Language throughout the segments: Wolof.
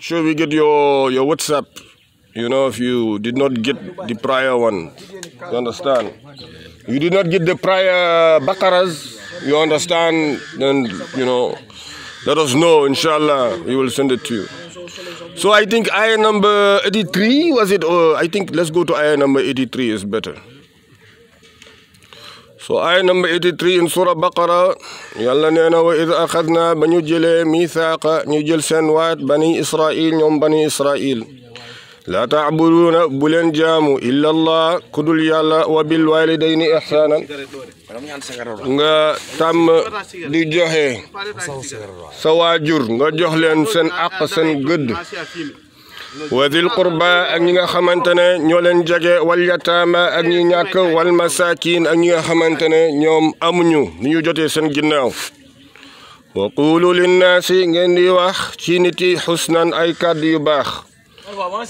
sure we get your your WhatsApp. You know, if you did not get the prior one, you did not get the prior bakaras, you understand. Then let us know. Inshallah, we will send it to you. So I think ayah number was it? Or I think let's go to ayah number is better. so aaya number 83 in sura baqara yàlla nee na wa id axadna ba ñu jëlee mithaaqa ñu jël seen waat bani israil ñoom bani israil laa bu leen jaamu illa allah ku dul yàlla wa bil walidayni ihsaanan nga tàmm di joxe sa waajur nga jox leen seen àq seen gëdd wa dil qurba ak ñi nga xamante ne ñoo leen jege wal yataama ak ñi ñàkk wal masaakiin ak ñi nga xamante ne ñoom amuñu ni ñu jotee seen ginnaaw wa quulu linnaasi ngeen di wax ci nit yi xusnan ay kàddu yu baax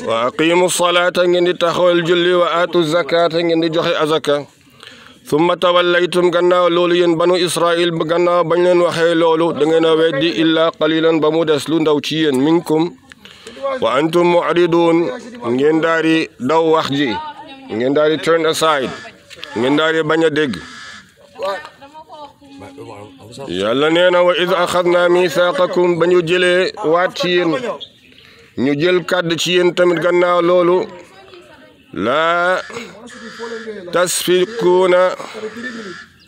wa aqimu salaata ngeen di taxawal julli wa aatu zakaata ngeen di joxe azaka summa tawallaytum gannaaw loolu yéen banu israil gannaaw bañ leen waxee loolu da ngeen a weddi illaa qalilan ba mu des lu ndaw ci yéen minkum wa antum mu'ridun ngeen daal ji ngeen daal di turn aside ngeen daal di bañ a wa iz axadna misaqakum ba waat ci yéen ñu jël kàdd ci yéen tamit gannaaw loolu laa tasfikuuna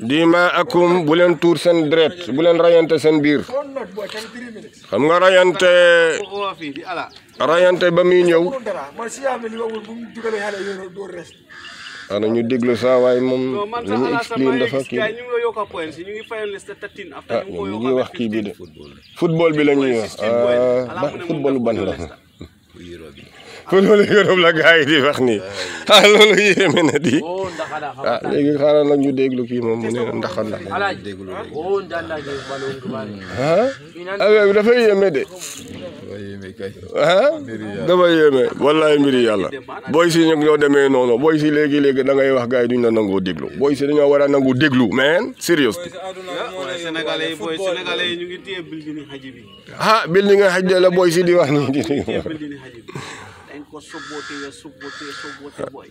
diimaakum bu leen tuur seen deret bu leen rayante seen biir xam nga rayante rayante ba muy ñëw ana ñu déglu saa waaye moom li ñu expliqué dafa kii ah ñu ngi wax kii bi de football bi la ñuy wax ah football la. pour loolu yërëm la gars yi di wax nii ah loolu yéeme na di oh, ah léegi xaaral nag ñu déglu kii moom mu ne ndax oh, ndax ah ah dafa yéeme de ah dafa yéeme wallaay mbiri yàlla booy si ñoom demee noonu booy si léegi léegi da ngay wax gars yi duñ la nangoo déglu booy si dañoo war a nangu déglu mais sérieux ah bil ni nga xaj de la booy si di wax nii di nañ ko soboote soboote soboote booy.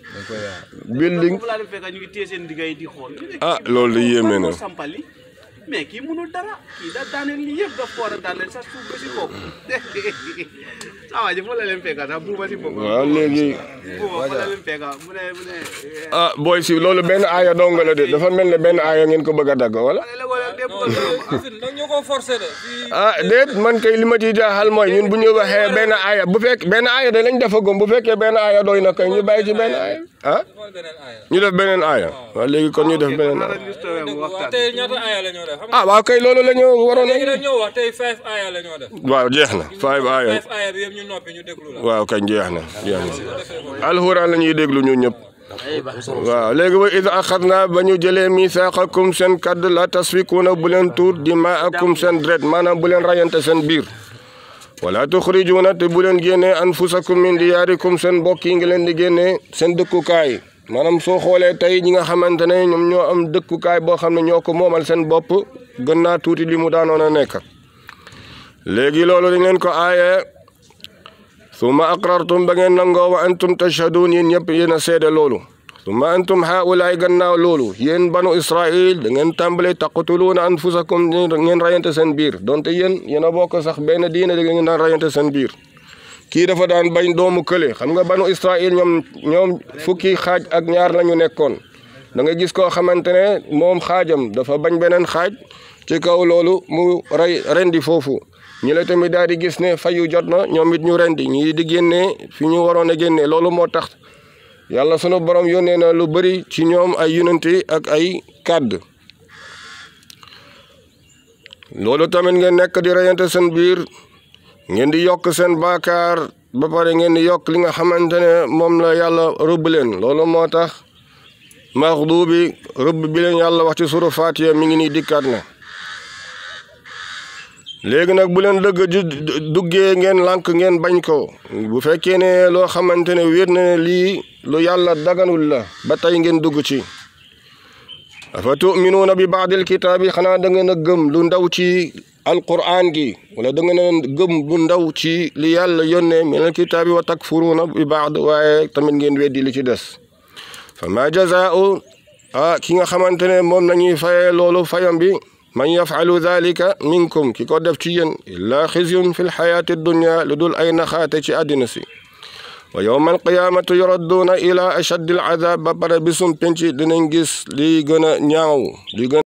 building foofu laa leen fekk ñu ngi seen digga yi di xool. ah loolu yéeme na sampali mais kii mënul dara kii da daaneel lii yëpp daf a daaneel sax suuf ba si bopp. ah waa ji la leen fekk sax buuba si foofu mu ne mu ne. Eh. ah booy si loolu benn aaya dong la de dafa mel ne benn aaya ngeen ko bëgg a dagg wala. ah de man kay li ma ciy jaaxal mooy ñun bu ñu waxee benn aaya bu fekk benn aaya de lañ defagum bu fekkee benn aaya doy na kay ñu bàyyi ci benn aaya ah ñu def beneen aaya waaw léegi kon ñu def beneen aaya ah waaw kay loolu la ñu waroon a. waaw jeex na five aaya waaw kay jeex na jeex na alxuraan la ñuy déglu ñun ñëpp. waaw léegi ba id axadna ba ñu jëlee misaaxakum seen kàdd la tasfikuuna bu leen tuur di maakum seen dret maanaam bu leen rayante seen biir wala tuxrijuuna te bu leen génnee anfusakum min diyaarikum seen mbokk yi ngi leen di génnee seen dëkkukaay maanaam soo xoolee tey ñi nga xamante ne ñoom ñoo am dëkkukaay boo xam ne ñoo ko moomal seen bopp gën naa tuuti li mu daanoon a nekk léegi loolu dañ leen summa aqrartum ba ngeen nangoo wa antum tashhaduun yéen ñëpp yéen a seede loolu summa antum haulaay gannaaw loolu yéen banu israil da ngeen tàmbale taqutuluuna anfusakum ngeen rayante seen biir donte yéen yéen a bokk sax benn diine da ngeen daan rayante seen biir kii dafa daan bañ doomu kële xam nga banu israil ñoom ñoom fukki xaaj ak ñaar lañu nekkoon da nga gis koo xamante ne moom xaajam dafa bañ beneen xaaj ci kaw loolu mu rey rendi foofu ñu la tamit daal di gis ne yu jot na ñoom it ñu rendi ñii di génnee fi ñu waroon a génnee loolu moo tax yàlla sunu yoon yónnee na lu bari ci ñoom ay yonente ak ay kàdd loolu tamit ngeen nekk di reyante seen biir ngeen di yokk seen baakaar ba pare ngeen di yokk li nga xamante ne moom la yàlla rëbb leen loolu moo tax maxduubi rëbb bi leen yàlla wax ci suru Faatiha mi ngi nii dikkaat na léegi nag bu leen dëgg ju duggee ngeen lànk ngeen bañ ko bu fekkee ne loo xamante ne wér na ne lii lu yàlla daganul la ba tey ngeen dugg ci afa tuminuuna bi baadil kitaabi xanaa da ngeen a gëm lu ndaw ci alquraan gi wala da ngeen a gëm lu ndaw ci li yàlla yónnee minal kitaabi wa takfuruuna bi baad waaye tamit ngeen weddi li ci des fa ma jazaau ah ki nga xamante ne moom la ñuy fayee loolu fayam bi man yafalu dalika minkum ki ko def ci yéen illaa xisyun fi lxayaati dunya lu dul ay naxaate ci àddina si wa yowma alqiyaamati yuradduuna ila ashaddi alcadaab ba pare bisum penc dinañ gis li gën a ñaaw li gën